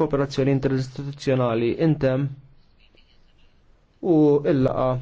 kooperazzjoni interistituzzjonali intem u illaqa